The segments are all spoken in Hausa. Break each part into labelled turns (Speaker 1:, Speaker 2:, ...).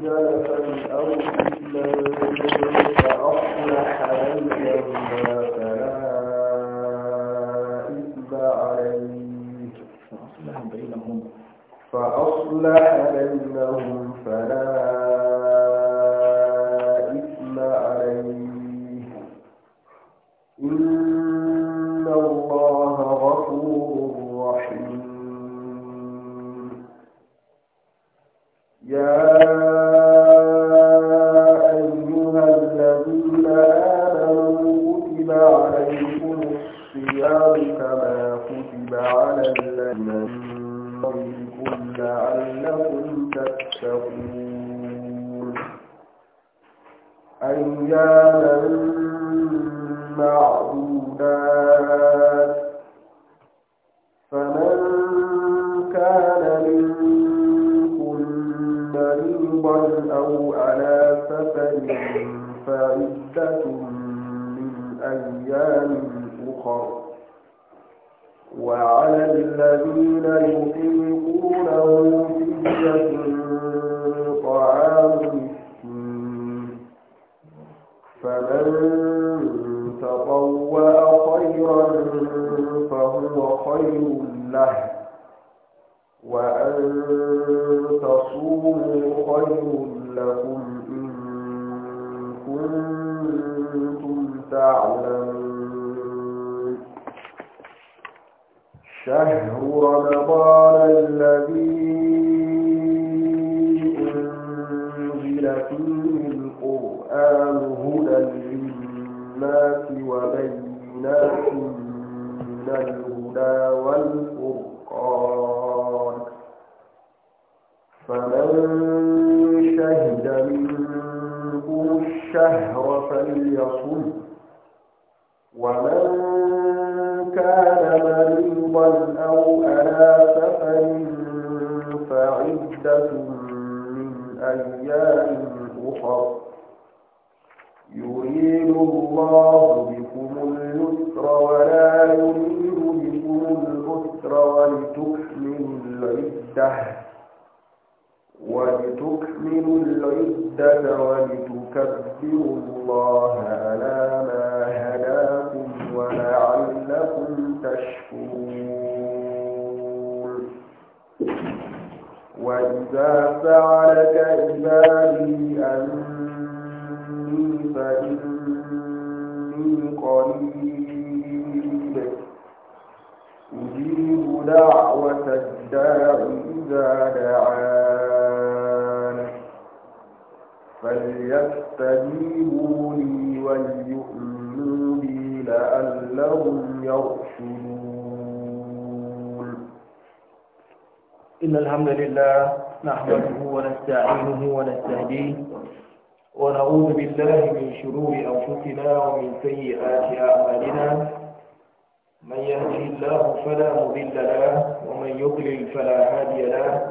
Speaker 1: فأصلح بينهم فلا إثم عليه فأصلح بينهم فلا كنتم تعلمون شهر رمضان الذي أنزل فيه القرآن هدى للناس يصم ومن كان مريضا أو على سفر فعدة من أيام أخر يريد الله بكم اليسر ولا يريد بكم العسر ولتكمل العدة ولتكمل العدة ولتكبروا الله على ما هداكم ولعلكم تشكرون وإذا سعلك إبادي أني فإني قريب أجيب دعوة الداع إذا دعاني فليستجيبوا لي وليؤمنوا بي لعلهم يرشدون إن الحمد لله نحمده
Speaker 2: ونستعينه ونستهديه ونعوذ بالله من شرور أنفسنا ومن سيئات أعمالنا من يهده الله فلا مضل له ومن يضلل فلا هادي له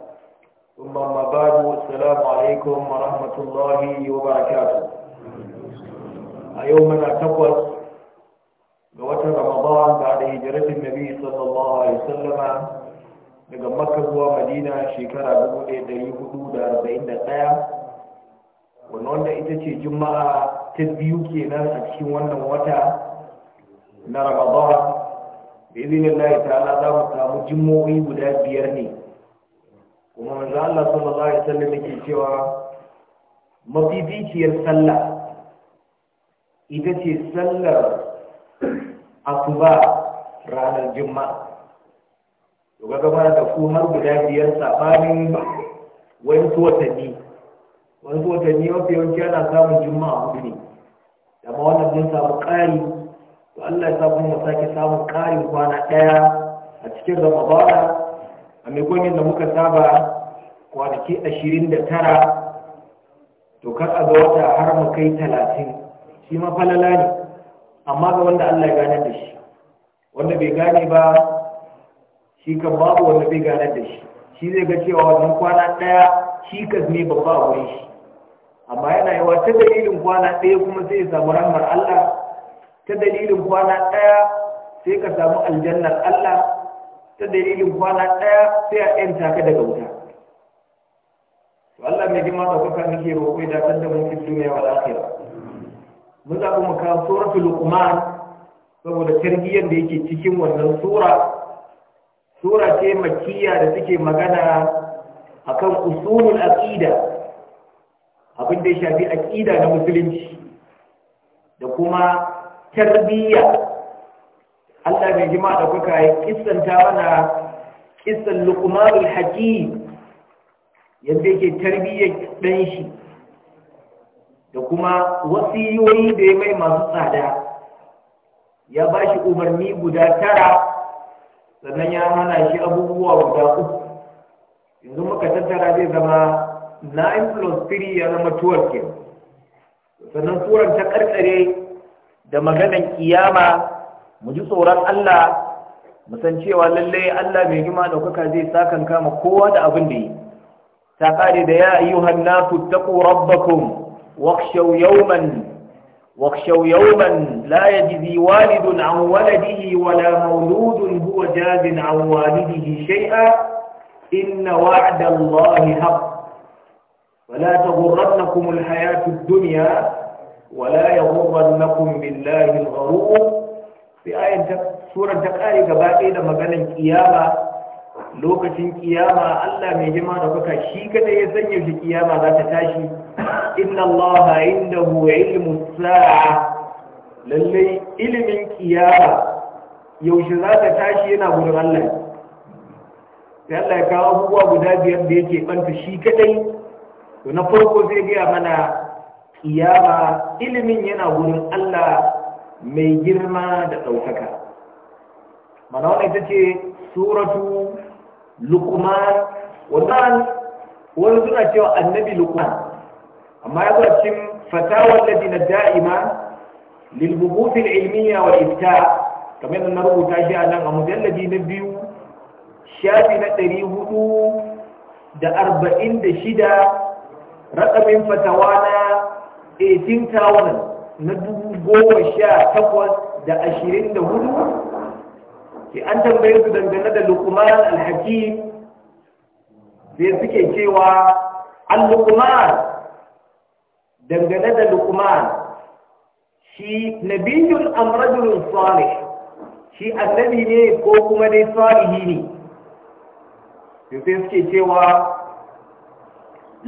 Speaker 2: ثم ما بعد السلام عليكم ورحمة الله وبركاته أيومنا تقوى
Speaker 1: قوات رمضان بعد هجرة النبي صلى الله عليه وسلم daga makka zuwa madina shekara 1441
Speaker 2: wanda ita ce juma'a ta biyu kenan a cikin wannan wata na ramadan da izinin layi ta'ala za mu samu jimmo'i guda biyar ne kuma manzo Allah sallallahu alaihi wasallam yake cewa mafificiyar sallah ita ce sallar asuba ranar juma'a to ga gaba da ku har guda biyar sabanin wani watanni wani watanni mafi yawanci ana samun juma'a hudu ne Da ma wannan mun samu ƙari to Allah ya sa kuma sake samun ƙarin kwana ɗaya a cikin Ramadana a maimakon yadda muka saba kwanaki ashirin da tara to kar a ga wata har mu kai talatin shi ma falala ne amma ga wanda Allah ya gane da shi wanda bai gane ba shi kan babu wanda bai gane da shi shi zai ga cewa wannan kwana ɗaya cikas ne babba a wurin shi amma yana yawa ta dalilin kwana ɗaya kuma sai ya samu rahmar Allah ta dalilin kwana ɗaya sai ka samu aljannar Allah ta dalilin kwana ɗaya sai a ‘yanta ka daga wuta Allah mai jima da kuka nake roƙo da sanda da mun fito mai wa lafiya. mun za mu kawo suratul luqman saboda tarbiyyar da yake cikin wannan sura sura ce makkiya da take magana akan usulul aqida abin da ya shafi aƙida na musulunci da kuma tarbiyya Allah bai jima da kuka yi ta mana kisan lukumarul hakim yadda yake tarbiyya ɗan shi da kuma wasiyoyi da ya mai masu tsada ya ba shi umarni guda tara sannan ya hana shi abubuwa guda uku yanzu muka tattara zai zama 9 plus 3 ya zama 12 sannan suran ta karkare da maganan kiyama mu ji tsoron Allah mu san cewa lalle Allah mai gima daukaka zai sakan kama kowa da abin da yi ta kare da ya ayyuhan nasu taqu rabbakum wakhshaw yawman واخشوا yawman la yajzi walidun an waladihi wala mawludun huwa jazin an walidihi shay'a inna wa'da allahi haqq ولا تغرنكم الحياة الدنيا ولا يغرنكم بالله الغرور sai ayar surar ta kare gaba ɗaya da maganin kiyama lokacin kiyama Allah mai jima da kuka shi kada ya sanya shi kiyama za ta tashi inna Allah hu ilmu sa'a lalle ilimin kiyama yaushe za ta tashi yana gurin Allah sai Allah ya kawo abubuwa guda biyar da yake banta shi kadai to na farko zai gaya mana kiyama ilimin yana gurin Allah mai girma da ɗaukaka mana wani ita ce suratu luqman wannan wani suna cewa annabi luqman amma ya zuwa fatawar da ladina da'ima lil ilmiya wa ita kamar yadda na rubuta shi a nan a mujalladi na biyu shafi na ɗari hudu da arba'in da shida raƙamin fatawa na 18,000 na dubu goma sha takwas da ashirin da hudu ke an tambaye su dangane da lukuman alhakim, sai suke cewa an lukuman dangane da lukuman shi nabiyun amrajulun salih shi annabi ne ko kuma dai salihi ne sai suke cewa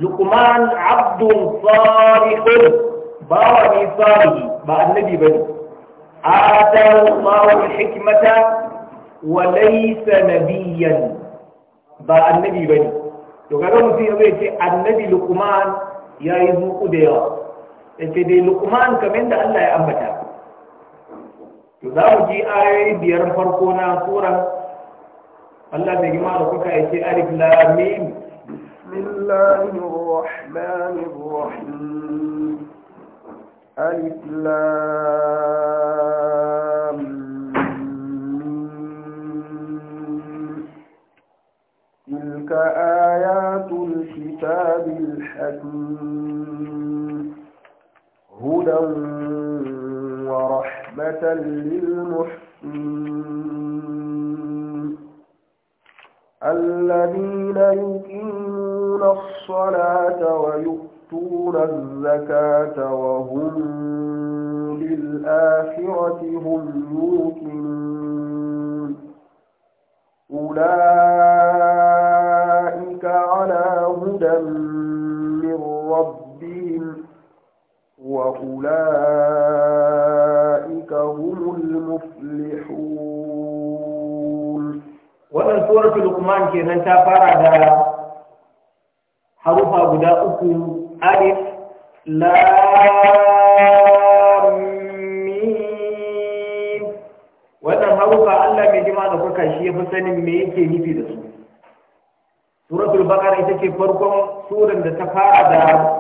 Speaker 2: lukuman abdun salihun ba wa ne ba annabi bane atahu ma wal hikmata wa laysa nabiyyan ba annabi bane to kaga mutum zai ce annabi ya yi zuku da yawa yace dai luqman kamar da Allah ya ambata to za mu ji ayoyi biyar farko na suran Allah bai gima da kuka ce alif lam mim
Speaker 1: bismillahir rahmanir rahim ألف لام تلك آيات الكتاب الحكيم هدى ورحمة للمحسنين الذين يقيمون الصلاة ويؤتون الزكاة humul
Speaker 2: ta fara da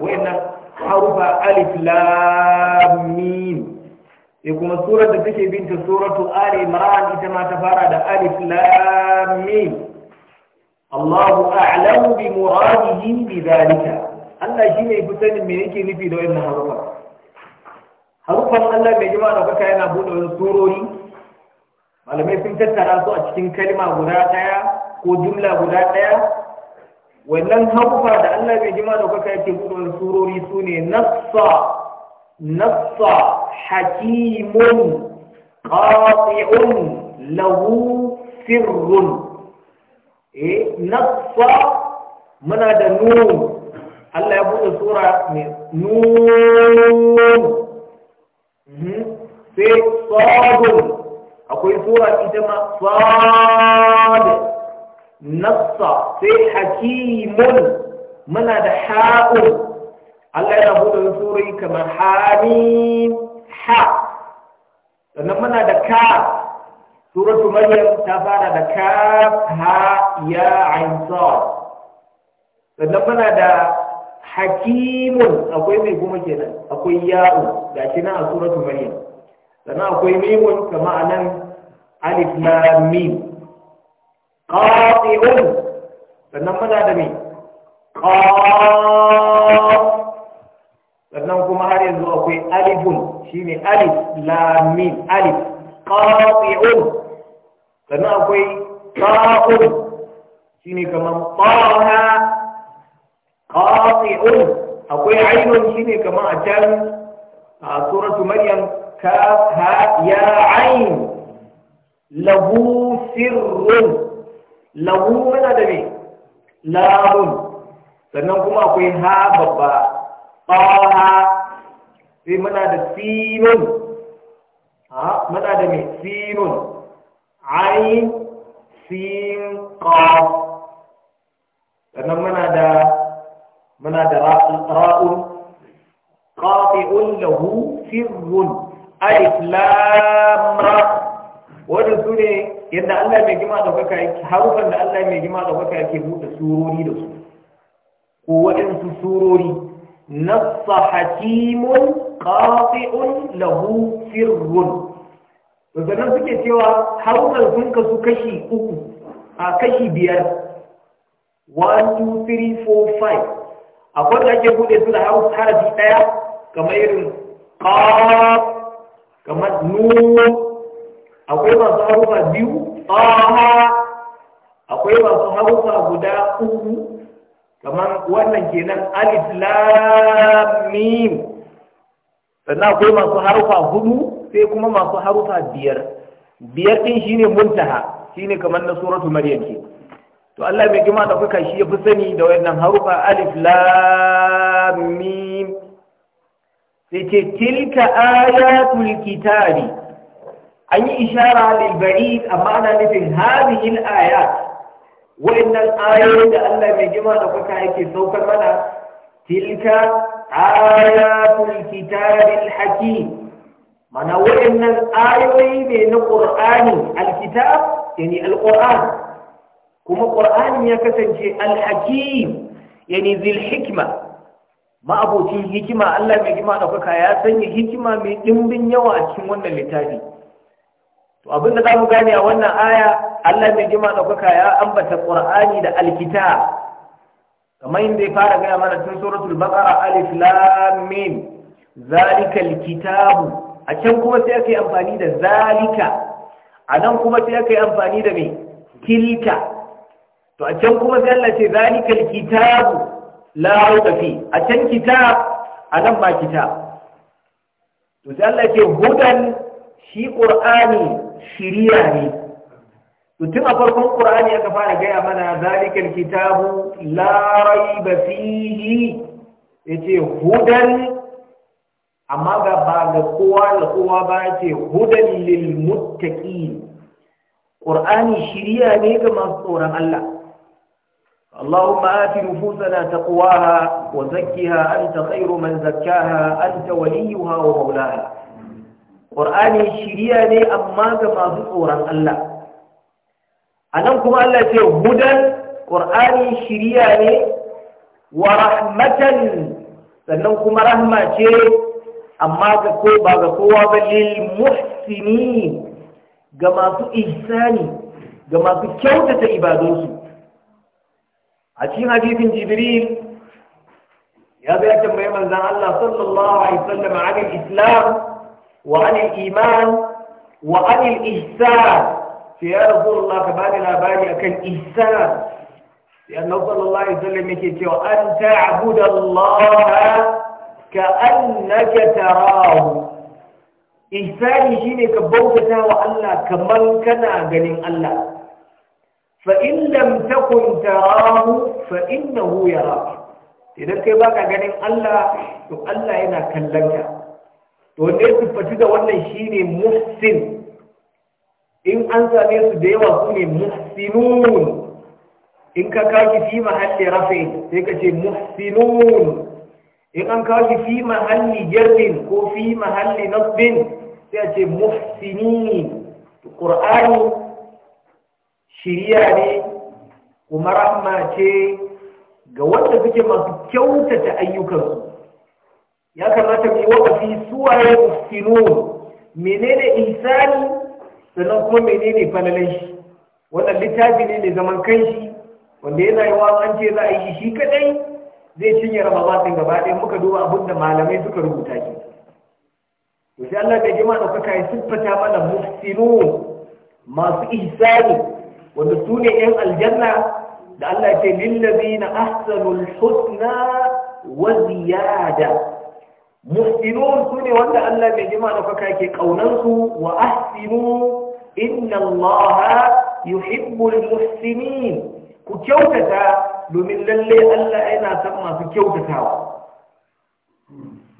Speaker 2: wayannan harufa alif lam e kuma surar da take binta suratu ali imran ita ma ta fara da alif lam mim Allahu a'lamu bi muradihi bi zalika Allah ne yafi sanin me yake nufi da wayannan harufa harufan Allah mai jima da kuka yana bude wani surori malamai sun tattara su a cikin kalma guda daya ko jumla guda daya wannan harufa da Allah bai jima da kuka yake buɗe wani surori su ne nassa nassa hakimun qati'un lahu sirrun eh nassa muna da nun Allah ya buɗe sura
Speaker 1: mai nun
Speaker 2: mhm. sai akwai sura ita ma sadun nassa sai hakimun muna da ha'un Allah yana buɗe sura'i kamar hamim ha sannan muna da ka suratu maryam ta fara da ka ha ya ain sannan muna da hakimun akwai mai kuma kenan akwai ya'u ga shi nan a suratu maryam sannan akwai mimun kama anan alif lam mim qati'un sannan muna da ni qaf sannan kuma har yanzu akwai alifun shine alif lamin alif qati'un sannan akwai ta'un shine kaman taha qati'un akwai ainun shine kaman a can a suratu maryam ka ha ya ain lahu sirrun lahu yana da me lamun sannan kuma akwai ha babba ƙaha sai muna da sinun ha muna da me sinun ai sin qaf sannan muna da muna da ra'un qati'un lahu sirrun alif lam ra Waɗansu su ne yadda Allah mai gima da kuka yake harufan da Allah mai gima da kuka yake buɗe surori da su ko waɗansu surori nassa hakimun qati'un lahu sirrun sannan suke cewa harufan sun kasu kashi uku a kashi biyar 1 2 3 4 5 akwai da ake buɗe su da harafi ɗaya kamar irin qaf kamar nun akwai masu haruka biyu aha akwai masu haruka guda uku kamar wannan kenan alif lamim sannan akwai masu harufa hudu sai kuma masu harufa biyar biyar din shine muntaha shine kamar na suratul maryam ke to Allah mai gima da kuka shi yafi sani da wannan harufa alif lamim sai ce tilka ayatul kitabi an yi ishara lil a amma nufin hadhihi il'aya. ayat wa'annan ayoyin da Allah mai jima da kuka yake saukar mana tilka ayatul kitabil hakim mana wa'annan ayoyi ne na qur'ani alkitab yani alquran kuma qur'ani ya kasance alhakim yani zil hikma ma'abocin hikima Allah mai jima da kuka ya sanya hikima mai dimbin yawa a cikin wannan littafi to abin da za mu gane a wannan aya Allah mai jima ɗaukaka ya ambata Qur'ani da alkita kamar yadda ya fara gaya mana tun suratul baqara alif lam mim zalikal kitabu a can kuma sai aka yi amfani da zalika a nan kuma sai aka yi amfani da me tilka to a can kuma sai Allah ce zalikal kitabu la rauka fi a can kitab a nan ba kitab to sai Allah ce hudan shi Qur'ani shiriya ne tun a farkon ƙur'ani aka fara gaya mana zalikar kitabu larai ba fihi ya ce hudan amma ga ba ga kowa da kowa ba ya ce hudan lil muttaqi ƙur'ani shiriya ne ga masu tsoron Allah اللهم آت نفوسنا تقواها وزكها أنت خير من زكاها أنت وليها ومولاها ƙur'ani shiriya ne amma ga masu tsoron Allah a nan kuma Allah ce hudan ƙur'ani shiriya ne wa rahmatan sannan kuma rahma ce amma ga ko ba ga kowa ba lil ga masu ihsani ga masu kyautata ibadunsu a cikin hadisin jibril ya zai tambaye manzon Allah sallallahu alaihi wasallam an islam وعن الإيمان وعن الإحسان يا رسول الله كبار الأباري أكن إحسان لأنه صلى الله عليه وسلم يقول أن تعبد الله كأنك تراه إحساني شيني كبوتة وألا كمن كان غنين الله فإن لم تكن تراه فإنه يراك إذا كباك غنين الله تو الله ينا كلنك to ne su siffatu da wannan ne muhsin in an same su da yawa su ne muhsinun in ka kawo fi mahalli rafi sai ka ce muhsinun in an kawo fi mahalli jarrin ko fi mahalli nasbin sai a ce muhsinin qur'ani shiriya ne kuma rahma ce ga wanda suke masu kyautata ayyukansu ya kamata mu yi wakafi suwaye muskinu menene insani sannan kuma menene falalai shi wannan littafi ne mai zaman shi wanda yana yi an ce za a yi shi kadai zai cinye ramadan gaba ɗaya muka duba abin da malamai suka rubuta shi to sai Allah bai jima ɗaukaka ya siffata mana muftinu masu ihsani wanda su ne yan aljanna da Allah ya ce lillazina ahsanul husna wa ziyada muhsinun su ne wanda Allah mai jima da faka ke kaunansu wa ahsinu inna Allah yuhibbul muhsinin ku kyautata domin lalle Allah yana san masu kyautatawa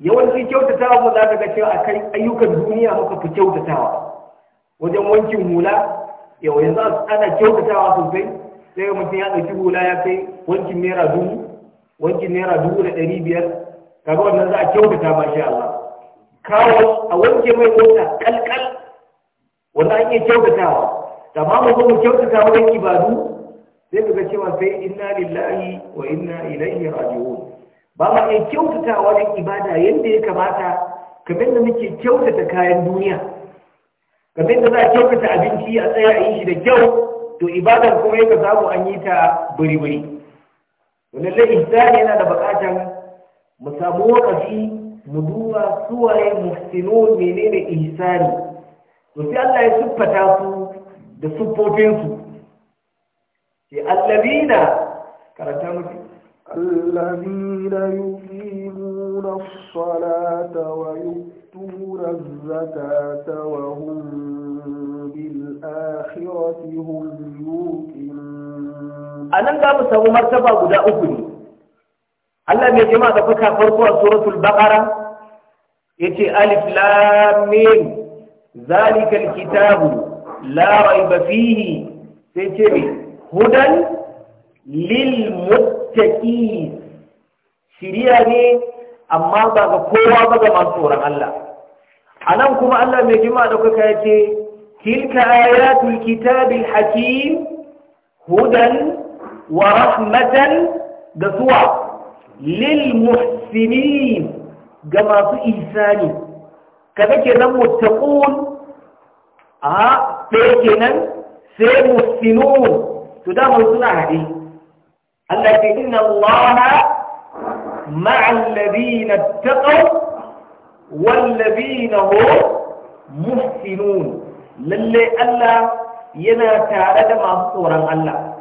Speaker 2: yawanci kyautatawa ko za ka ga cewa akan ayyukan duniya muka fi kyautatawa wajen wankin hula yau yanzu ana kyautatawa sosai sai mutum ya ɗauki hula ya kai wankin naira dubu wankin naira dubu da ɗari biyar kaga wannan za a kyautata ma shi Allah kawo a wanke mai mota kalkal wanda an yi kyautatawa da ma mu zo mu kyautata ibadu sai ka ga cewa sai inna lillahi wa inna ilaihi raji'un ba ma iya kyautata wurin ibada yadda ya kamata kamar da muke kyautata kayan duniya kamar da za a kyautata abinci a tsaya a yi shi da kyau to ibadar kuma yaka ka samu an yi ta buri-buri wannan ihsani yana da buƙatar mu samu wakafi mu duba suwaye muhsinun menene ihsani to sai Allah ya siffata su da siffofin su sai allabina karanta miki
Speaker 1: allabina yuqimuna as-salata wa yu'tuna az-zakata wa hum bil akhirati hum yuqinun anan ga mu samu martaba guda uku ne Allah mai jima da kuka farko a
Speaker 2: suratul baqara yace alif lam mim zalika alkitabu la raiba fihi sai ce me hudan lil muttaqin shiriya ne amma ba ga kowa ba ga masu tsoron Allah anan kuma Allah mai jima da kuka yace tilka ayatul kitabi hakim hudan wa rahmatan da suwa lil muhsinin ga masu ihsani kaga kenan muttaqun a ɗaya kenan sai muhsinun to da mun suna hade Allah ke inna Allah ma'al ladina taqaw wal ladina hum muhsinun lalle Allah yana tare da masu tsoron Allah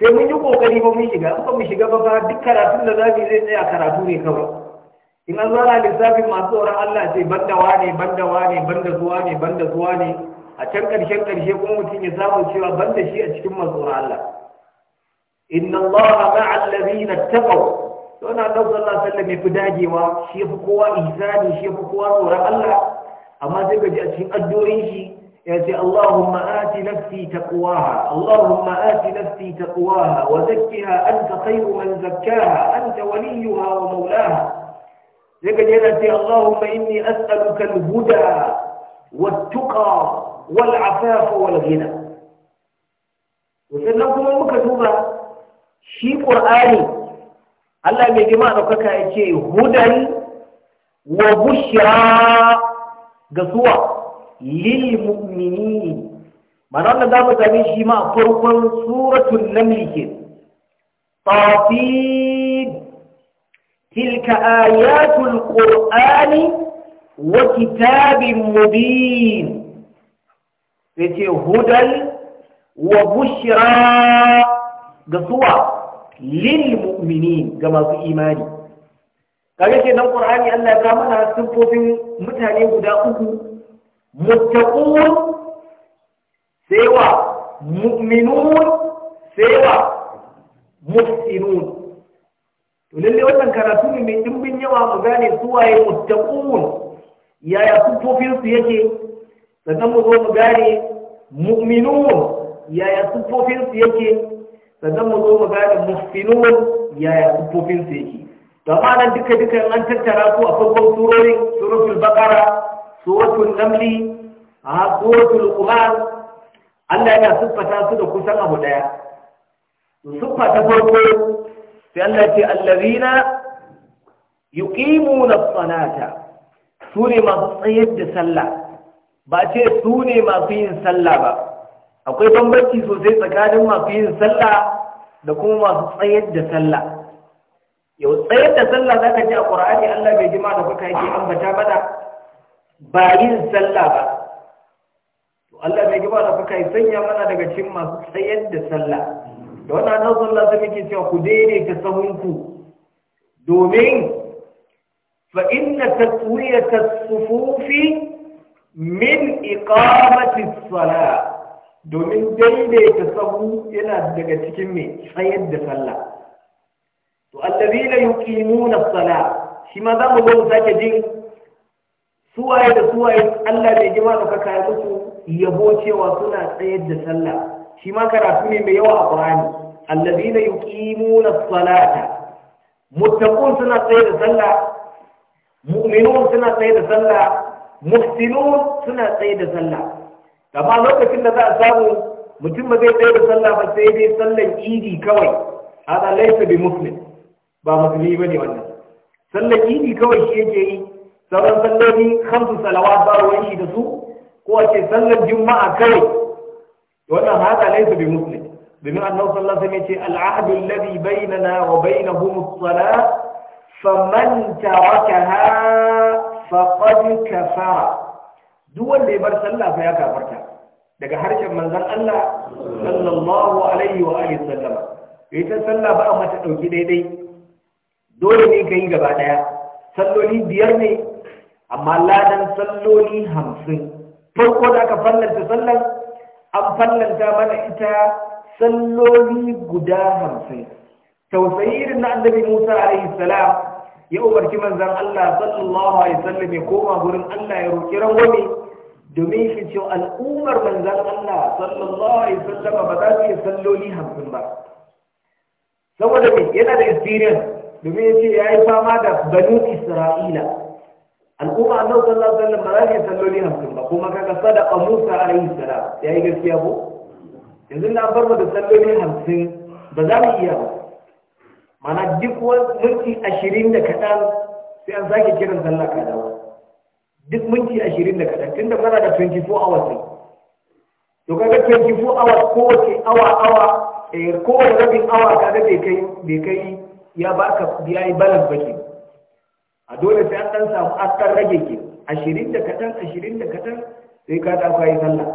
Speaker 2: sai mun yi kokari ba mun shiga ba mu shiga ba duk karatun da zamu zai tsaya karatu ne kawai in an zana lissafin masu tsoron Allah sai banda wane banda wane banda zuwa ne banda zuwa ne a can karshen karshe kuma mutum ya samu cewa banda shi a cikin masu tsoron Allah inna Allah ma'a allazina taqaw don Allah sallallahu alaihi wasallam ya fi dagewa shi fi kowa ihsani shi ya fi kowa tsoron Allah amma sai gaji a cikin addu'o'in shi يأتي اللهم آت نفسي تقواها اللهم آت نفسي تقواها وزكها أنت خير من زكاها أنت وليها ومولاها يأتي اللهم إني أسألك الهدى والتقى والعفاف والغنى وسنكم المكتوبة شيء قرآني الله يجمع لك هدى وبشرى قصوى lil mu'minin mana zamu sami shi ma a farkon suratul naml ke tafid tilka ayatul qur'ani wa kitabin mubin yace hudal wa bushra ga suwa lil mu'minin ga masu imani kaga kenan qur'ani Allah ya ka mana sifofin mutane guda uku muttaqun sai wa mu'minun sai muhsinun to lalle wannan karatu ne mai dimbin yawa mu gane su waye muttaqun yaya sufofin su yake sannan mu zo mu gane mu'minun yaya sufofin su yake sannan mu zo mu gane muhsinun yaya sufofin su yake to amma nan duka duka an tattara su a farkon surorin suratul baqara suwatu namli a suratul qumar Allah yana siffata su da kusan abu ɗaya siffa ta farko sai Allah ce allazina yuqimuna as-salata sune masu tsayar da sallah ba ce sune masu yin sallah ba akwai bambanci sosai tsakanin masu yin sallah da kuma masu tsayar da sallah yau tsayar da sallah zaka ji a Qur'ani Allah bai jima da kuka yake ambata bada ba yin sallah ba to Allah bai gaba da fuka sanya mana daga cikin masu tsayar da sallah da wannan nan sallah sai muke cewa ku daidaita sahunku domin fa inna tatwiyat as-sufufi min iqamati as-salah domin daidaita sahu yana daga cikin mai tsayar da sallah to allazina yuqimuna as-salah shi ma za mu zo mu sake jin suwaye da suwaye Allah bai ji maka kaka ya musu yabo cewa suna tsayar da sallah shi ma karatu ne mai yawa a Qur'ani allazina yuqimuna as-salata muttaqun suna tsayar da sallah mu'minun suna tsayar da sallah muhsinun suna tsayar da sallah amma lokacin da za a samu mutum ba zai tsayar da sallah ba sai dai sallan idi kawai hada laysa bi muslim ba musulmi bane wannan sallan idi kawai shi yake yi sauran salloli hamsu salawa ba ruwan shi da su ko a ce sallar juma'a kai wannan haka su bi muslim domin sallar sallallahu alaihi wasallam ya ce al'ahdu alladhi bainana wa bainahum as-salah faman ha faqad kafara duk wanda ya bar sallah fa ya kafarta daga harshen manzon Allah sallallahu alaihi wa alihi sallama ita sallah ba a mata dauki daidai dole ne ka yi gaba ɗaya. salloli biyar ne amma ladan salloli hamsin farko da aka fallanta sallan an fallanta mana ita salloli guda hamsin tausayi irin na annabi musa alaihi salam ya umarci manzan allah sallallahu alaihi sallam ya koma gurin allah ya roƙi rangwame domin shi ce al'ummar manzan allah sallallahu alaihi sallam ba za su iya salloli hamsin ba saboda me yana da experience domin ya ce ya yi fama da banu isra'ila al'umma annabi sallallahu alaihi wasallam ba za ka yi salloli hamsin ba kuma kaga sadaqa Musa alaihi salam ya yi gaskiya ko yanzu na bar mu da salloli hamsin ba za mu iya ba mana duk wani minti ashirin da kaɗan sai an sake kiran sallah ka dawo duk minti ashirin da kaɗan tunda muna da 24 hours ne to kaga 24 hours kowace awa awa eh kowace rabin awa kaga bai kai bai kai ya baka ya yi balance ba ke a dole sai an dan samu askar rage ke ashirin da katan ashirin da katan sai ka ta kwaye sallah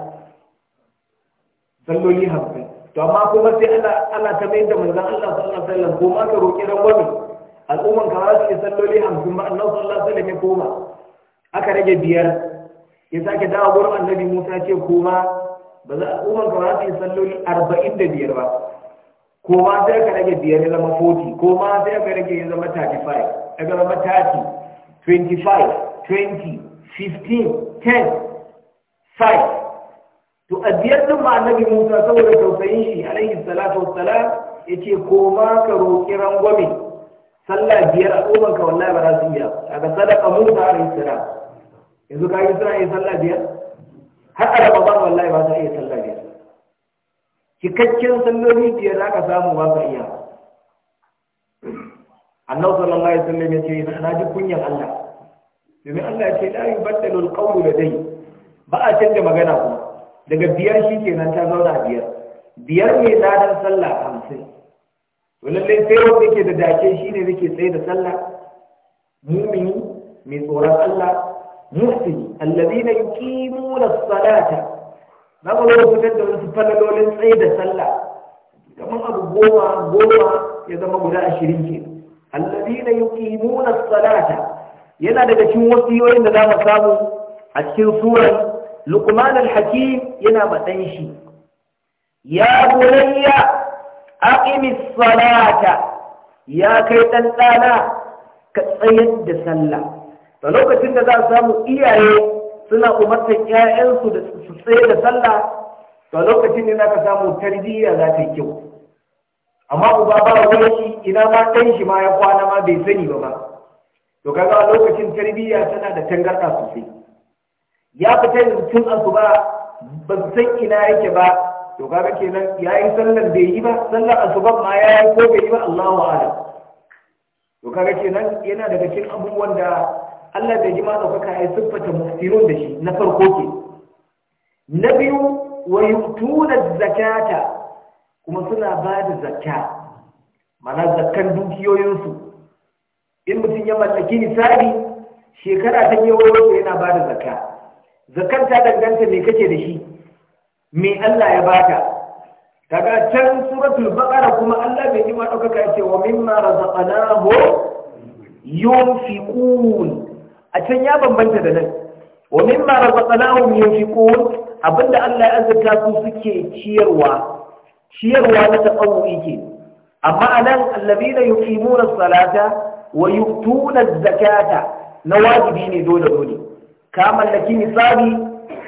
Speaker 2: salloli hamsin to amma kuma sai ana ta mai da manzan Allah sallallahu alaihi wasallam ko ma ka roƙi ran wani al'umman ka za su yi salloli hamsin ba Allah sallallahu alaihi wasallam ya koma aka rage biyar ya sake dawo gurin annabi Musa ce koma ba za al'umman ka za su yi salloli arba'in da biyar ba ko ma sai ka rage biyar ya zama 40 ko ma sai ka rage ya zama 35 ya zama 30 25 20 15 10 5 to a biyar din ma annabi musa saboda tausayin shi alaihi salatu wassalam yace ko ma ka roƙi rangwame sallah biyar a tsoban ka wallahi ba za su iya daga sadaka musa alaihi salam yanzu ka yi suna sallah biyar har a raba ba wallahi ba za su iya sallah biyar cikakken salloli biyar za ka samu ba ka iya annabi sallallahu alaihi wasallam ya ce na ji kunyan Allah domin Allah ya ce la yubaddalu al-qawlu ladai ba a canja magana ku daga biyar shi kenan ta zauna biyar biyar ne ladan sallah hamsin to lallai sai wanda yake da dace shine yake tsaye da sallah mumini mai tsoron Allah muhsini alladhina yuqimuna as-salata za mu zo fitar da wasu falalolin tsaye da sallah kamar abu goma goma ya zama guda ashirin ke allazina yuqimuna as-salata yana daga cikin wasiyoyin da zamu samu a cikin surar luqman al-hakim yana matsayin shi ya bunayya aqimis salata ya kai dan dana ka tsayar da sallah da lokacin da za a samu iyaye suna umartar ƴaƴansu da su tsaye da sallah to lokacin ne ka samu tarbiyya za ta yi kyau amma uba ba wani shi ina ma ɗan shi ma ya kwana ma bai sani ba ba to kaga lokacin tarbiyya tana da tangarɗa sosai ya fita yanzu tun asuba ba su san ina yake ba to kaga kenan ya yi sallar bai yi ba sallar asuban ma ya yi ko bai yi ba Allahu a'lam to kaga kenan yana daga cikin abubuwan da Allah bai jima ɗaukaka ya siffata muftirun da shi na farko ke na biyu wa yutuna zakata kuma suna ba da zakka mana zakkan dukiyoyinsu in mutum ya mallaki misali shekara ta yi wayo yana ba da zakka zakkan ta danganta me kake da shi me Allah ya baka kaga can suratul baqara kuma Allah bai jima ɗaukaka ya ce wa mimma razaqnahu yunfiqun a can ya bambanta da nan wa mimma razaqnahum yunfiqun abinda Allah ya azurta su suke ciyarwa ciyarwa na tasawuri ke amma anan allazina yuqimuna as-salata wa yu'tuna az-zakata na wajibi ne dole dole ka mallaki misali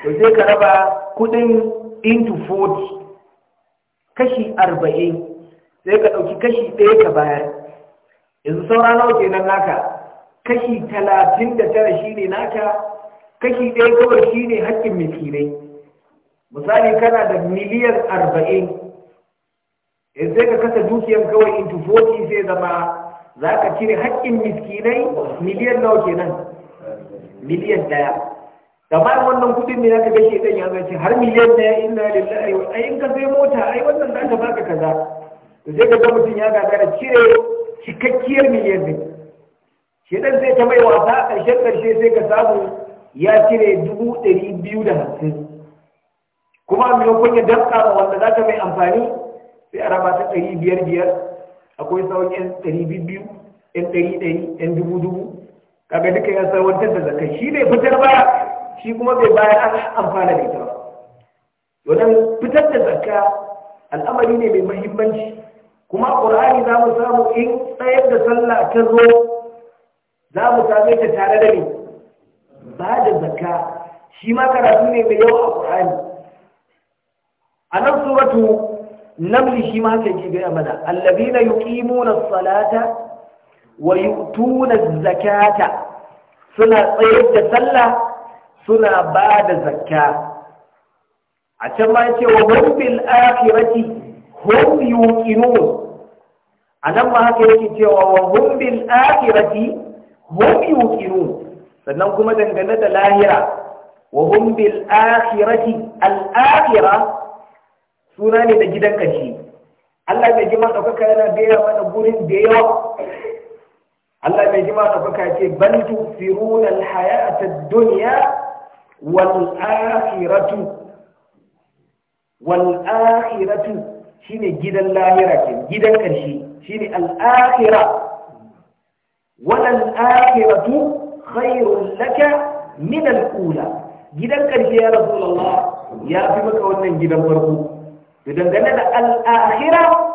Speaker 2: to sai ka raba kudin into 40 kashi 40 sai ka dauki kashi ɗaya ka bayar yanzu saura nawa kenan naka kashi talatin da tara shi ne naka kashi ɗaya kawai shi ne haƙƙin miskinai misali kana da miliyan arba'in in sai ka kasa dukiyan kawai into forty sai zama za ka cire haƙƙin miskinai miliyan nawa kenan miliyan ɗaya da bayan wannan kudin ne zaka gashi dan ya ce har miliyan ɗaya inna lillahi wa ai in ka sai mota ai wannan za ta baka kaza to sai ka ga mutum ya gagara cire cikakkiyar miliyan ɗin shedan zai ta mai wasa a ƙarshen ƙarshe sai ka samu ya cire dubu ɗari biyu da hamsin kuma maimakon ya damƙa ma wanda za ta mai amfani sai a raba ta ɗari biyar biyar akwai sauran yan ɗari biyu yan ɗari ɗari yan dubu dubu kaga duka ya wancan da zakai shi bai fitar ba shi kuma bai bayar an amfana da ita ba wannan fitar da zakka al'amari ne mai muhimmanci, kuma ƙur'ani za mu samu in tsayar da sallah ta zo za mu same ta tare da ni ba da zakka shi ma karatu ne mai yawa a Qur'ani a nan suratu namli shi ma haka yake gaya mana allazina yuqimuna as-salata wa yu'tuna az-zakata suna tsayar da sallah suna ba da zakka a can ma yace wa hum akhirati hum yuqinun anan ma haka yake cewa wa hum bil akhirati hum yuqinun sannan kuma dangane da lahira wa hum bil akhirati al suna ne da gidan kashi Allah mai jima ɗaukaka yana biya mana gurin da yawa Allah mai jima ɗaukaka ce ban tusiruna al hayata ad-dunya wal akhiratu wal akhiratu shine gidan lahira ke gidan ƙarshe shine al akhirah وللآخرة خير لك من الأولى gidan ƙarshe ya رسول ya fi maka wannan gidan farko. Da dangane da الآخرة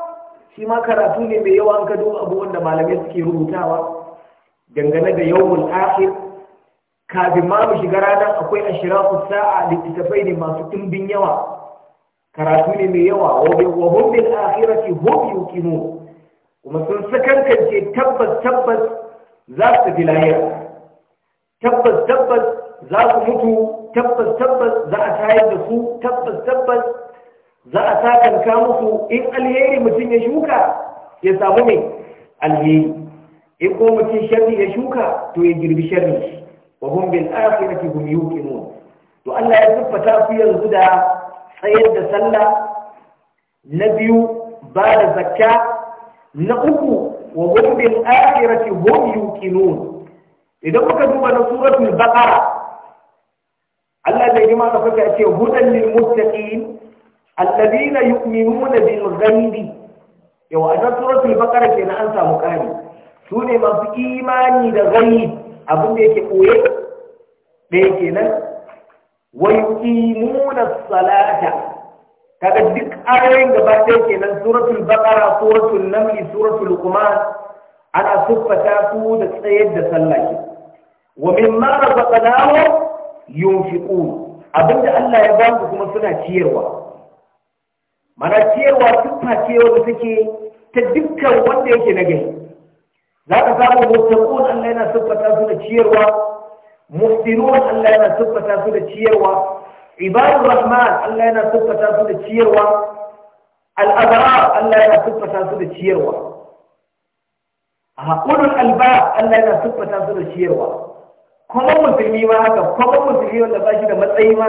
Speaker 2: shi ma karatu ne mai yawan ka duba abubuwan da malamai suke rubutawa dangane da yawon akhir kafin ma mu shiga ranar akwai ashiraku sa'a littattafai ne masu ɗimbin yawa karatu ne mai yawa wa hum bil akhirati hum kuma sun sakankance tabbas tabbas za su tafi lahira tabbas tabbas za su mutu tabbas tabbas za a tayar da su tabbas tabbas za a sakanka musu in alheri mutum ya shuka ya samu mai alheri in ko mutum sharri ya shuka to ya girbi sharri wa hum bil akhirati hum yuqinun to Allah ya siffata su yanzu da tsayar da sallah na biyu ba da zakka na uku wa hum bil akhirati hum yuqinun idan muka duba na suratul baqara Allah zai yi mana fata ce hudan lil muttaqin alladhina yu'minuna bil ghaibi yau a suratul baqara kenan an samu kari su ne masu imani da ghaib abin da yake koye ɗaya kenan wa yuqimuna as-salata kaga duk ayoyin gaba ɗaya kenan suratul baqara suratul naml suratul luqman ana siffata su da tsayar da sallah ke wa mimma razaqnahum yunfiqun abinda Allah ya ba kuma suna ciyarwa mana ciyarwa siffa ce wanda take ta dukkan wanda yake na gari za ka samu muttaqun Allah yana siffata su da ciyarwa muhsinun Allah yana siffata su da ciyarwa ibadu rahman Allah yana tuffata su da ciyarwa al'adara Allah yana tuffata su da ciyarwa a ulul alba Allah yana tuffata su da ciyarwa kuma musulmi ma haka kuma musulmi wanda ba shi da matsayi ma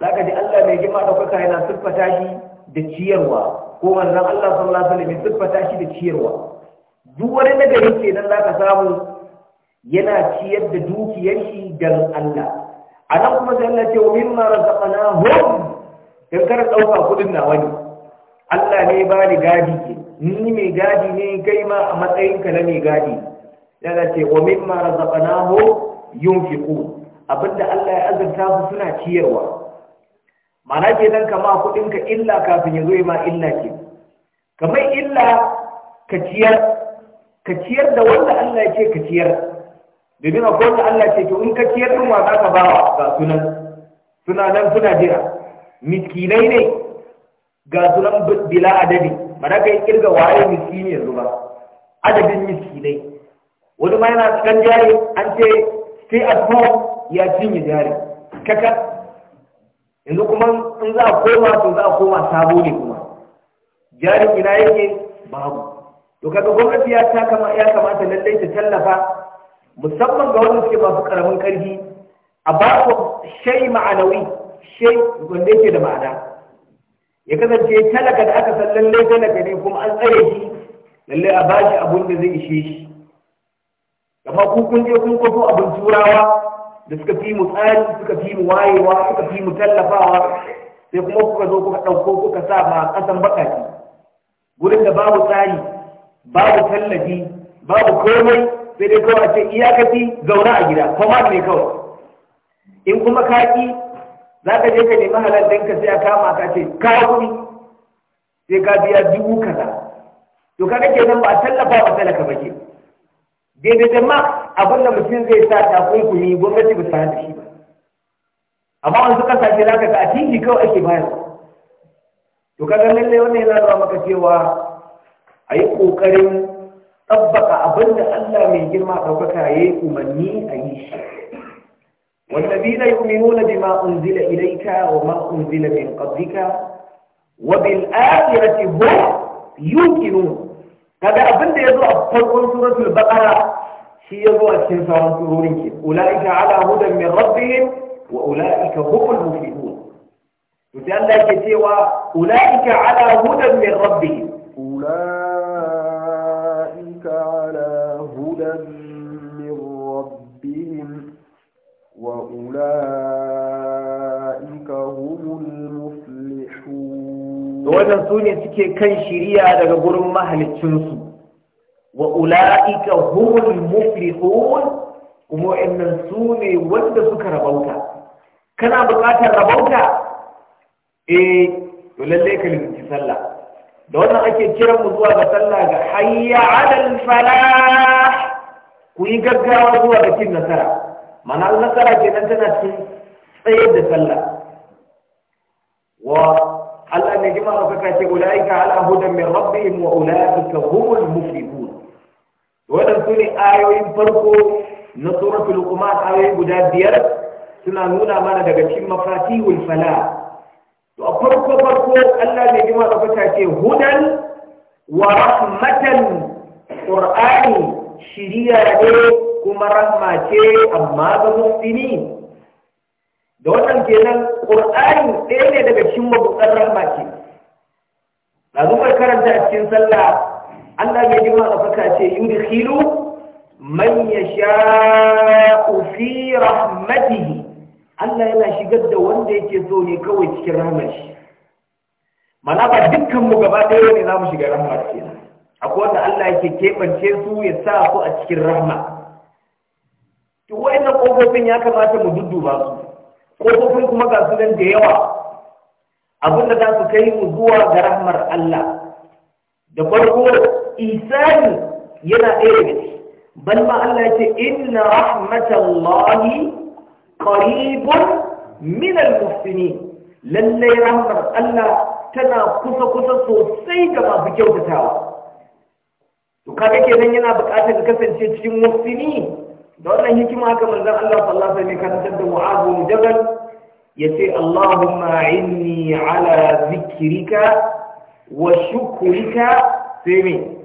Speaker 2: za ka ji Allah mai girma ɗaukaka yana tuffata shi da ciyarwa ko wanzan Allah sallallahu alaihi wasallam siffata shi da ciyarwa duk wani nagari kenan ka samu yana ciyar da dukiyar shi Allah a nan kuma sai Allah ce wa mimma razaqnahum in kar dauka kudin na wani Allah ne ba ni gadi ke ni mai gadi ne kai ma a matsayin ka na mai gadi da ce wa mimma razaqnahum yunfiqu abinda Allah ya azurta su suna ciyarwa mana ke nan kama kudin ka illa kafin ya zo ma illa ke kamar illa ka ciyar ka ciyar da wanda Allah ya ce ka ciyar domin a kowace Allah ce to in ka ciyar ɗin wa za ka ba ga sunan suna nan suna jira miskinai ne ga sunan bila adadi ba za ka yi kirga waye miskini yanzu ba adadin miskinai wani ma yana kan jari an ce stay at home ya cinye jari kaka yanzu kuma in za a koma to za a koma sabo ne kuma jari ina yake babu to kaga gwamnati ya kamata lallai ta tallafa musamman ga wanda suke masu karamin karfi a ba su shai ma'anawi shai wanda yake da ma'ana ya kasance talaka da aka san lallai talaka ne kuma an tsare shi lallai a bashi abun da zai ishe shi amma ku kun je kun kwafo abin turawa da suka fi mu tsari suka fi mu wayewa suka fi mu tallafawa sai kuma kuka zo kuka ɗauko kuka sa ma ƙasan baƙaƙe gurin da babu tsari babu tallafi babu komai sai dai kawai a ce iyakaci zauna a gida command ne kawai in kuma kaki za ka je ka nemi halal ka sai a kama ka ce kawo kuɗi sai ka biya dubu kaza to kaga nan ba a tallafa ba talaka ba ke daidai da ma abin da mutum zai sa takunkumi gwamnati ba ta hada shi ba amma an suka sace za ka a titi kawai ake bayarwa to kaga lallai wannan yana zuwa maka cewa a yi ƙoƙarin tabbata abin da Allah mai girma ɗaukaka ya yi umarni a yi shi. Wanda bi zai kuma nuna bi ma'un zila ilaika wa ma'un zila min ƙabdika, wa bil ƙasirati ho yuki nuna. Kaga abin da ya zo a farkon suratul baƙara shi ya zo a cikin sauran turorin ke. Ula'ika ala hudan min rabbihim wa ula'ika hukul mufiɗun. Mutum Allah ke cewa ula'ika ala hudan
Speaker 1: min rabbihim. من ربهم وأولئك هم المفلحون
Speaker 2: وانا سوني سكي كان شريعة لغبور مهل الشمس وأولئك هم المفلحون kuma innan su ne wanda suka rabauta kana buƙatar rabauta eh to lalle ka lizanci sallah da wannan ake kiran mu zuwa ga sallah ga hayya alal falah ku yi gaggawa zuwa ga cin nasara mana nasara kenan tana cin tsayar da sallah wa Allah ne jima ka kaka ce ulaika ala hudan min rabbihim wa ulaika humul
Speaker 1: muflihun
Speaker 2: wadan su ne ayoyin farko na suratul luqman ayoyi guda biyar suna nuna mana daga cikin mafatihul fala to a farko farko Allah ne jima ka kaka ce hudan wa rahmatan qur'ani Shirya ne kuma rahma ce amma ga musulmi da wannan kenan ƙur'ani ɗaya ne daga cikin mabuɗar rahma ce da zubar karanta a cikin sallah Allah ya jima a faka ce yudkhilu man yasha'u fi rahmatihi Allah yana shigar da wanda yake so ne kawai cikin rahmar shi mana ba dukkan mu gaba ɗaya ne za mu shiga rahmar kenan akwai wanda Allah yake keɓance su ya sa ku a cikin rahma to wayannan kofofin ya kamata mu dudduba su Ƙofofin kuma ga su nan da yawa abin da za su kai mu zuwa ga rahmar Allah da farko isani yana ɗaya da bal ma Allah ya ce inna rahmatallahi qaribun min al-muhsinin lalle rahmar Allah tana kusa kusa sosai ga masu kyautatawa to kaga kenan yana buƙatar ka kasance cikin muhsini da wannan hikima haka manzon Allah sallallahu alaihi wasallam karantar da Mu'adh bin Jabal yace Allahumma inni ala zikrika wa shukrika sai me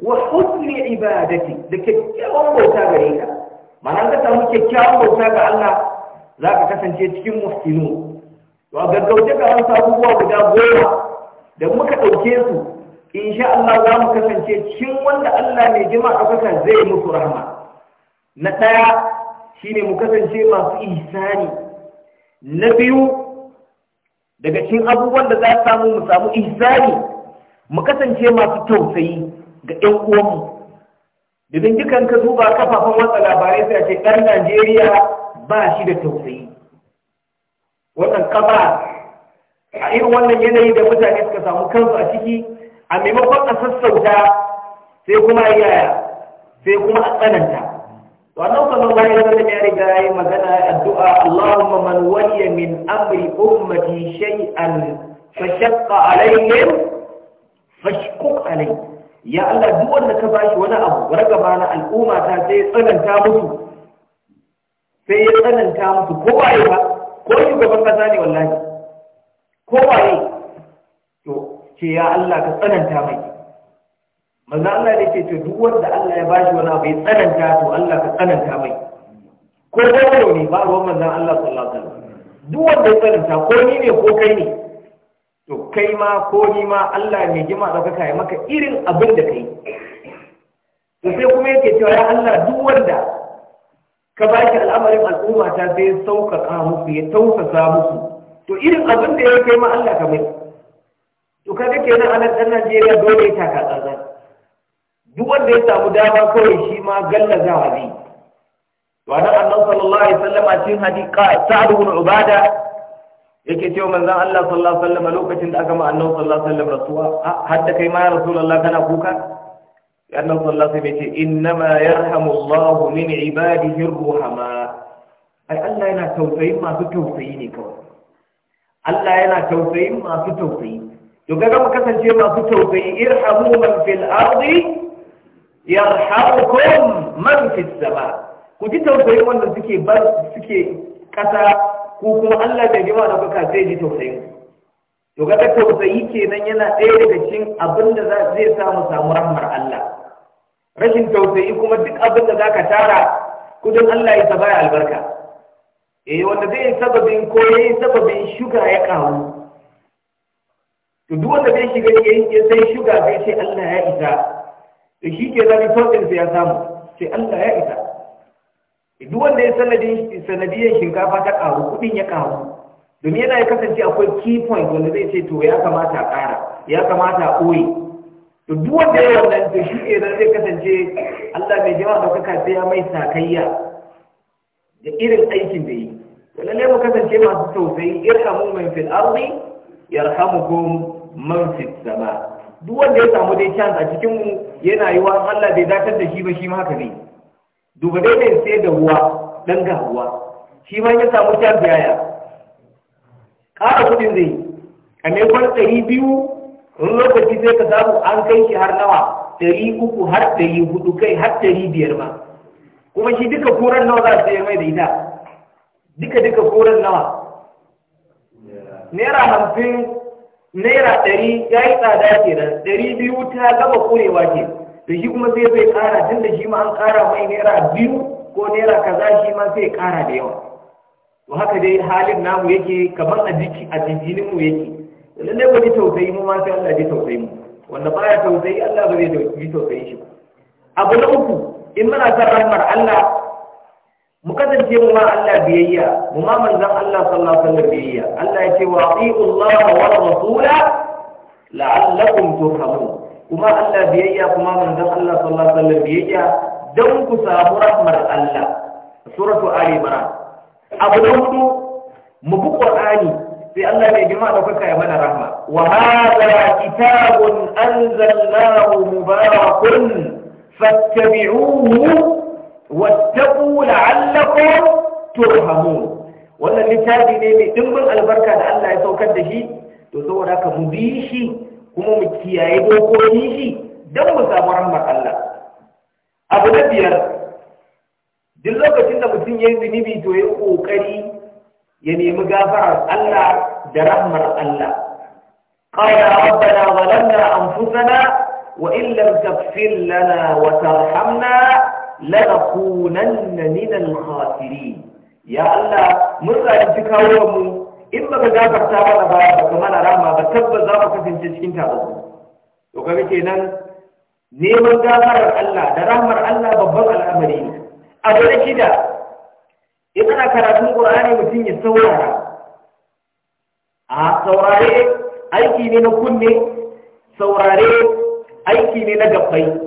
Speaker 2: wa husni ibadati da kyakkyawan bauta gare ka ma'ana ka samu kyakkyawan bauta ga Allah za ka kasance cikin muhsinu to a gaggauce ka an abubuwa guda goma da muka ɗauke su In sha Allah za mu kasance cikin wanda Allah mai jima a kasan zai musu rahama na ɗaya ne mu kasance masu ihsani na biyu daga cikin abubuwan da za samu mu samu ihsani mu kasance masu tausayi ga ƴan uwanmu domin dukan ka duba kafafen watsa labarai sai ce ɗan Najeriya ba shi da tausayi wannan kafa a irin wannan yanayi da mutane suka samu kansu a ciki a maimakon a sassauta sai kuma a yaya sai kuma a tsananta wannan sallallahu alaihi wasallam ya riga yayi magana addu'a Allahumma man waliya min amri ummati shay'an fashaqqa alaihim fashquq alaihim ya Allah duk wanda ka bashi wani abu ragaba na al'umma ta sai tsananta musu sai ya tsananta musu ko waye ba ko shugaban kasa ne wallahi ko waye to ce ya Allah ka tsananta mai manzo Allah ne ce duk wanda Allah ya bashi wani abu ya tsananta to Allah ka tsananta mai ko ko ne ba ruwan manzo Allah sallallahu alaihi wasallam duk wanda ya tsananta ko ni ne ko kai ne to kai ma ko ni ma Allah ne jima daukaka ya maka irin abin da kai to sai kuma yake cewa ya Allah duk wanda ka ba shi al'amarin al'umma ta sai ya sauƙaƙa musu ya tausasa musu to irin abin da ya kai ma Allah ka mai to kaga kenan anan dan Najeriya dole ya taka tsantsan duk wanda ya samu dama kawai shi ma gallazawa zai to anan Allah sallallahu alaihi wasallam a cikin hadika Sa'd ibn Ubada yake cewa manzon Allah sallallahu alaihi wasallam lokacin da aka ma annabi sallallahu alaihi wasallam rasuwa ah, hadda kai ma ya rasulullah kana kuka annabi sallallahu alaihi wasallam yace innama yarhamu Allah min ibadihi ar-ruhama ai Allah yana tausayin masu tausayi ne kawai Allah yana tausayin masu tausayi to ga mu kasance masu tausayi irhamu man fil ardi yarhamukum man fis sama ku ji tausayin wanda suke bar suke kasa ko kuma Allah da jama'a da kuka zai ji tausayin to ga tausayi kenan yana ɗaya daga cikin abin da zai sa mu samu rahmar Allah rashin tausayi kuma duk abinda da zaka tara kudin Allah ya tabaya albarka eh wanda zai sababin ko sababin shuga ya kawo to duk wanda bai shiga ya yi sai shuga sai ce Allah ya isa to shi ke zabi sauƙin sai ya samu sai Allah ya isa duk wanda ya sanadin sanadiyar shinkafa ta ƙaru kuɗin ya ƙaru domin yana ya kasance akwai key point wanda zai ce to ya kamata a ƙara ya kamata a koyi to duk wanda ya wannan to shi ne zai kasance Allah mai jama'a da kaka sai ya mai sakayya da irin aikin da yi to lalle mu kasance masu tausayi irhamu man fil ardi yarhamukum man sama duk wanda ya samu dai chance a cikin mu yana yi wa Allah bai datar da shi ba shi ma haka ne duba dai dai sai da ruwa dan ga ruwa shi ma ya samu chance yaya ƙara kuɗin zai a kwan ɗari biyu wani lokaci sai ka samu an kai shi har nawa ɗari uku har ɗari hudu kai har ɗari biyar ma kuma shi duka koren nawa za a sayar mai da ita duka duka koren nawa naira hamsin naira ɗari ya yi tsada nan ɗari biyu ta gaba korewa ke da shi kuma sai zai ƙara tun da shi ma an ƙara mai naira biyu ko naira kaza shi ma sai ƙara da yawa to haka dai halin namu yake kamar a jiki a jijininmu yake lallai wani tausayi mu ma sai Allah ji tausayi mu wanda baya tausayi Allah ba zai ji tausayi shi abu na uku in muna son rahmar Allah mu kasance mu ma Allah biyayya mu ma manzon Allah sallallahu alaihi wasallam biyayya Allah ya ce wa atiullaha wa rasula la'allakum turhamun kuma Allah biyayya kuma manzon Allah sallallahu alaihi wasallam biyayya dan ku samu rahmar Allah suratu ali imran abu na hudu mu bi qur'ani sai Allah mai girma da kuka ya mana rahma wa hadha kitabun anzalnahu mubarakun fattabi'uhu wattaqu la'allakum turhamun wannan littafi ne mai dimbin albarka da Allah ya saukar da shi to saboda haka mu bi shi kuma mu kiyaye dokokin shi don mu samu rahmar Allah abu na biyar duk lokacin da mutum ya yi zunubi to ya kokari ya nemi gafarar Allah da rahmar Allah
Speaker 1: qala rabbana zalamna anfusana
Speaker 2: wa in lam lana wa lanakunanna minal khasirin ya Allah mun zalunci kawo mu in baka ka gafarta mana ba ba kuma mana rama ba tabbas za mu kasance cikin tabbabu to kaga kenan neman gafarar Allah da rahmar Allah babban al'amari ne abu na shida in karatun ƙur'ani mutum ya saurara a saurare aiki ne na kunne saurare aiki ne na gabbai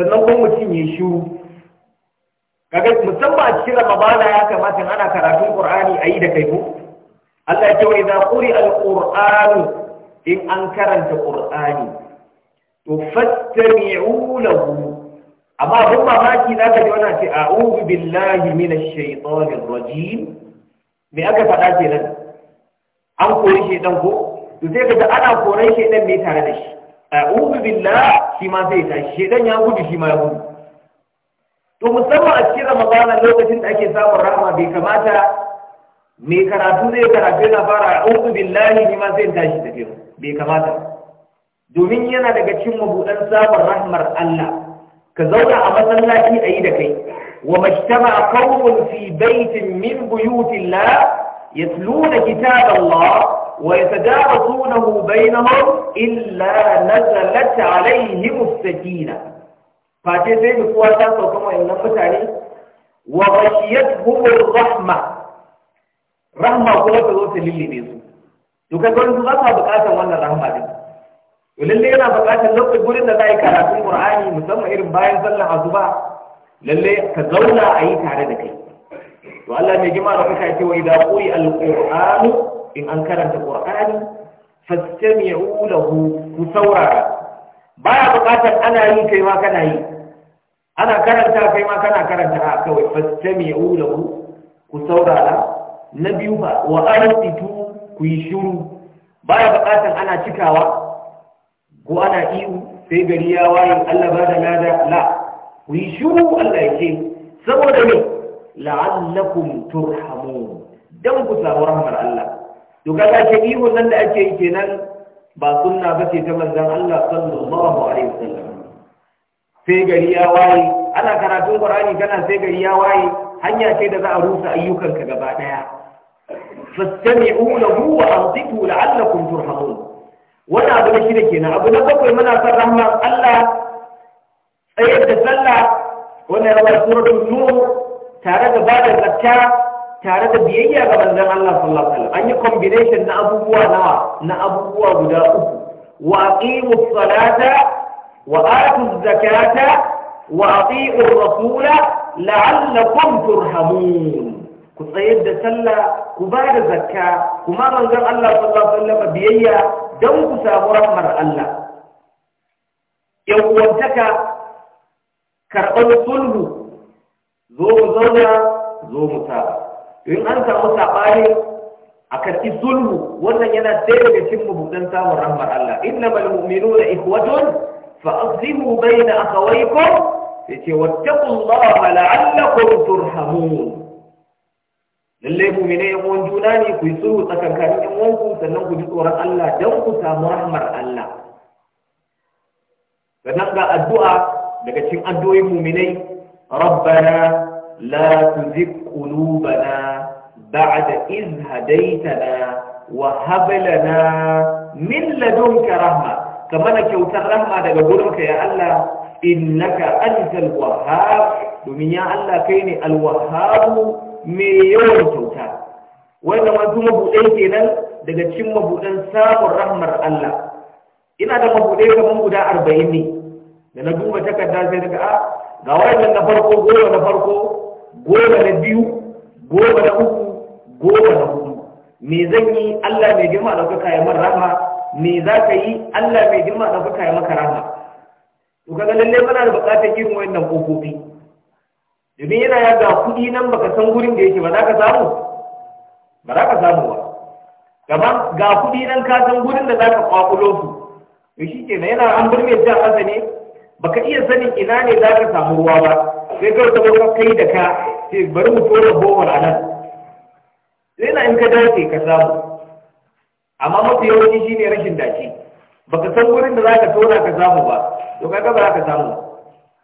Speaker 2: sannan kuma mutum ya shiru kaga musamman a cikin ramadana ya kamata ana karatun qur'ani ayi da kai ko Allah ya ce wa idza al-qur'anu in an karanta qur'ani to fastami'u lahu amma abin mamaki za ka ji wannan ce a'udhu billahi minash shaitanir rajim me aka faɗa nan? an kori shaidan ko to sai ka ana koran shaidan me tare da shi a'udhu billah shi ma zai tashi shedan ya gudu shi ma ya gudu to musamman a cikin ramadana lokacin da ake samun rahama bai kamata mai karatu zai karatu yana fara a'udhu billahi shi ma zai tashi tafiya bai kamata domin yana daga cikin mabudan samun rahmar Allah ka zauna a masallaci ayi da kai ومجتمع قوم في بيت من بيوت الله يتلون كتاب الله ويتدارسونه بينهم إلا نزلت عليهم السكينة فاتي سيد قواتا سوكما إلا متعني وغشيتهم الرحمة رحمة كما تقول للي بيزو يكون su za bukatar wannan rahama din to lalle yana bukatar lokacin gurin da za yi karatun Qur'ani musamman irin bayan sallar azuba lalle ka zauna a yi tare da kai to Allah mai gima da kuka ce wa idza quri al-Qur'anu in an karanta qur'ani fastami'u hu, ku saurara Ba ya buƙatar ana yi kai ma kana yi ana karanta kai ma kana karanta a kawai fastami'u hu, ku saurara na biyu ba wa arsitu ku yi shiru ya buƙatar ana cikawa ko ana ihu sai gari ya waye Allah ba da lada la ku yi shiru Allah ya ce saboda ne la'allakum turhamun don ku samu rahmar Allah to kaga ce ihun nan da ake yi kenan ba sunna ba ce ta manzon Allah sallallahu alaihi wasallam sai gari ya waye ana karatun Qur'ani kana sai gari ya waye hanya ce da za a rusa ayyukanka gaba daya fastami'u lahu wa antiqu la'allakum turhamun wannan abu ne shi da kenan abu na bakwai muna san rahman Allah tsayar da sallah wannan rawar suratul nur tare da bada zakka tare da biyayya ga manzon Allah sallallahu alaihi wasallam an yi combination na abubuwa nawa na abubuwa guda uku wa aqimu salata wa atu zakata wa atiu rasula la'allakum turhamun ku tsayar da sallah ku ba da zakka kuma manzon Allah sallallahu alaihi wasallam biyayya dan ku samu rahmar Allah yan uwantaka karɓar sulhu zo mu zauna zo mu saba in an samu sabani a kasi sulhu wannan yana ɗaya daga cikin mabudan samun rahmar Allah innamal mu'minuna ikhwatun fa aslihu bayna akhawaykum yace wattaqullaha la'allakum turhamun lalle mu'mine yan uwan juna ne ku yi sulhu tsakankanin yan uwanku sannan ku ji tsoron Allah dan ku samu rahmar Allah sannan ga addu'a daga cikin addu'o'in mu'minai rabbana لا تزغ قلوبنا بعد إذ هديتنا وهب لنا من لدنك رحمة كما نكوت الرحمة دغورك يا الله إنك أنت الوهاب domin ya Allah kai ne alwahabu mai yawan kyauta wanda ma duk mabuɗai kenan daga cikin mabuɗan samun rahmar Allah ina da mabuɗai kamar guda arba'in ne da na duba takarda sai daga a ga na farko goma na farko goma na biyu goma na uku goma na hudu me zan yi Allah mai girma da kuka yi rahama me za ka yi Allah mai girma da kuka yi maka rahama to kaga lalle kana da bukatar irin wannan kokofi domin yana ya ga kuɗi nan baka san gurin da yake ba za ka samu ba za ka samu ba gaba ga kuɗi nan ka san gurin da za ka kwakulo su to shi kenan yana an bar mai jan ne baka iya sanin ina ne za ka samu ruwa ba sai kawai ta ka kai da ka ce bari mu tura bohol a nan sai na in ka dace ka samu amma mafi yawanci shi ne rashin dace baka san wurin da za ka tona ka samu ba to kaga ba za ka samu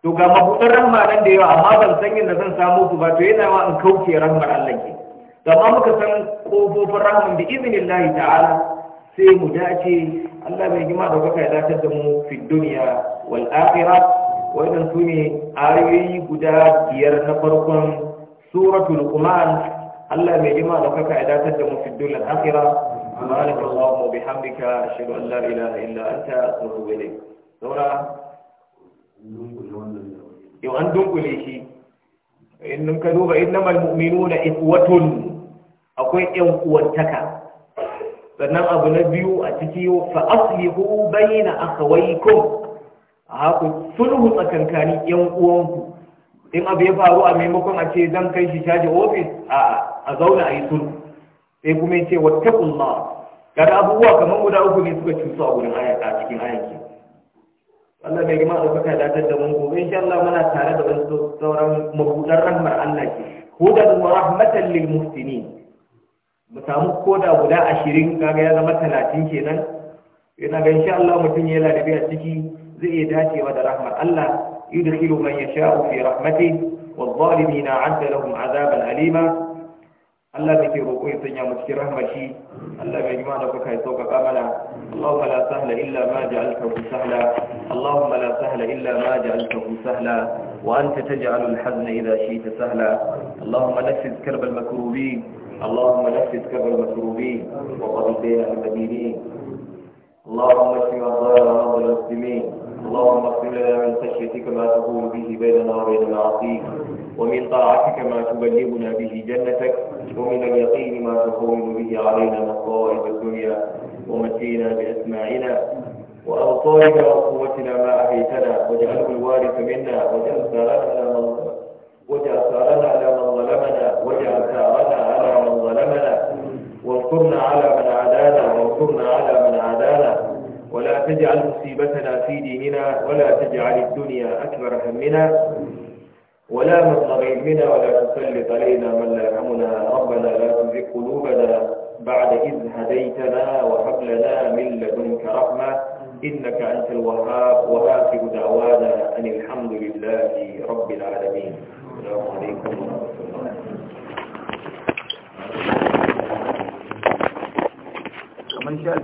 Speaker 2: to ga mabuɗin rahma nan da yawa amma ban san yadda zan samu su ba to yana ma in kauce rahmar Allah ke to amma muka san kofofin rahman bi iznillahi ta'ala sai mu dace Allah mai gima da kuka dace da mu fi duniya wal akhirah wannan sune ayoyi guda biyar na farkon suratul Luqman Allah mai gima da kuka dace da mu fi duniya wal akhirah subhanaka allahumma wa bihamdika ashhadu an la ilaha illa anta astaghfiruka wa atubu ilayk saura yau an dunkule shi in ka duba innamal mu'minuna ikhwatun akwai ƴan uwantaka sannan abu na biyu a ciki fa aslihu bayna akhawaykum ku sulhu tsakankani yan uwanku in abu ya faru a maimakon a ce zan kai shi shaji ofis a zauna a yi sulhu sai kuma ce wattaqullah kada abubuwa kamar guda uku ne suka cusa a wurin a cikin ke Allah mai gima da kuka datar da mun gobe insha Allah muna tare da wasu sauran mabudan rahmar Allah ke hudan wa rahmatan lil muhsinin mu samu koda guda ashirin kaga ya zama talatin kenan yana ga insha Allah mutum ya ladabi a ciki zai iya dacewa da rahmar Allah yudkhilu man yasha'u fi rahmatihi والظالمين أعد لهم عذابا أليما الله بك روكو يسنيا مشكرة مشي الله بجمع لك يسوك قامنا اللهم لا سهل إلا ما جعلته سهلا اللهم لا سهل إلا ما جعلته سهلا وأنت تجعل الحزن إذا شئت سهلا اللهم نفذ كرب المكروبين اللهم نفس كرب المكروبين وقضيتين المدينين اللهم اشف مرضانا ومرضى المسلمين اللهم اغفر لنا من خشيتك ما تقول به بيننا وبين معاصيك ومن طاعتك ما تبلغنا به جنتك ومن اليقين ما تقوم به علينا مصائب الدنيا ومتينا باسماعنا وابصارنا وقوتنا ما احيتنا واجعله الوارث منا واجعل سارنا واجعل
Speaker 1: ثارنا على من ظلمنا واجعل ثارنا وانصرنا على من عادانا وانصرنا على من عادانا ولا تجعل مصيبتنا
Speaker 2: في ديننا ولا تجعل الدنيا أكبر همنا ولا مبلغ علمنا ولا تسلط علينا من لا يرحمنا ربنا لا تزغ
Speaker 1: قلوبنا بعد
Speaker 2: إذ هديتنا وهب لنا من لدنك رحمة إنك أنت الوهاب وآخر دعوانا أن الحمد لله رب العالمين السلام عليكم ورحمة الله kamar sha